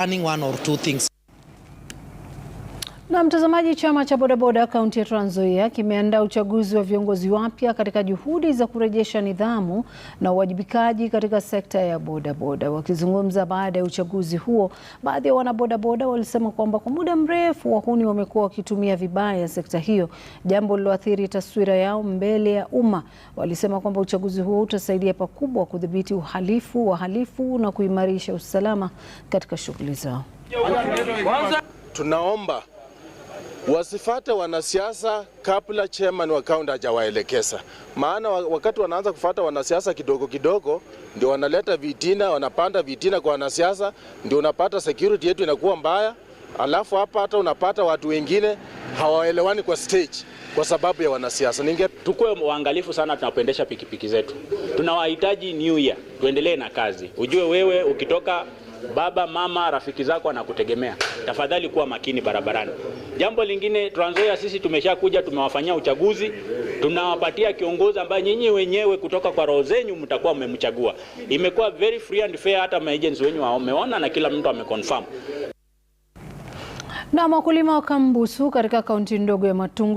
Running one or two things. Na mtazamaji, chama cha bodaboda kaunti ya Trans Nzoia kimeandaa uchaguzi wa viongozi wapya katika juhudi za kurejesha nidhamu na uwajibikaji katika sekta ya bodaboda. Wakizungumza baada ya uchaguzi huo, baadhi ya wanabodaboda walisema kwamba kwa muda mrefu wahuni wamekuwa wakitumia vibaya sekta hiyo, jambo liloathiri taswira yao mbele ya umma. Walisema kwamba uchaguzi huo utasaidia pakubwa kudhibiti uhalifu, wahalifu na kuimarisha usalama katika shughuli zao. Tunaomba wasifate wanasiasa kabla chairman wa kaunti hajawaelekeza, maana wakati wanaanza kufata wanasiasa kidogo kidogo, ndio wanaleta vitina, wanapanda vitina kwa wanasiasa, ndio unapata security yetu inakuwa mbaya. Alafu hapa hata unapata watu wengine hawaelewani kwa stage kwa sababu ya wanasiasa. Ninge tukue waangalifu sana tunapendesha pikipiki zetu, tunawahitaji new year, tuendelee na kazi. Ujue wewe ukitoka baba, mama, rafiki zako anakutegemea. Tafadhali kuwa makini barabarani. Jambo lingine, Trans sisi sisi tumeshakuja, tumewafanyia uchaguzi, tunawapatia kiongozi ambaye nyinyi wenyewe kutoka kwa roho zenyu mtakuwa mmemchagua. Imekuwa very free and fair, hata maagents wenyu wameona na kila mtu ameconfirm. Na wakulima wa Kambusu katika kaunti ndogo ya Matungu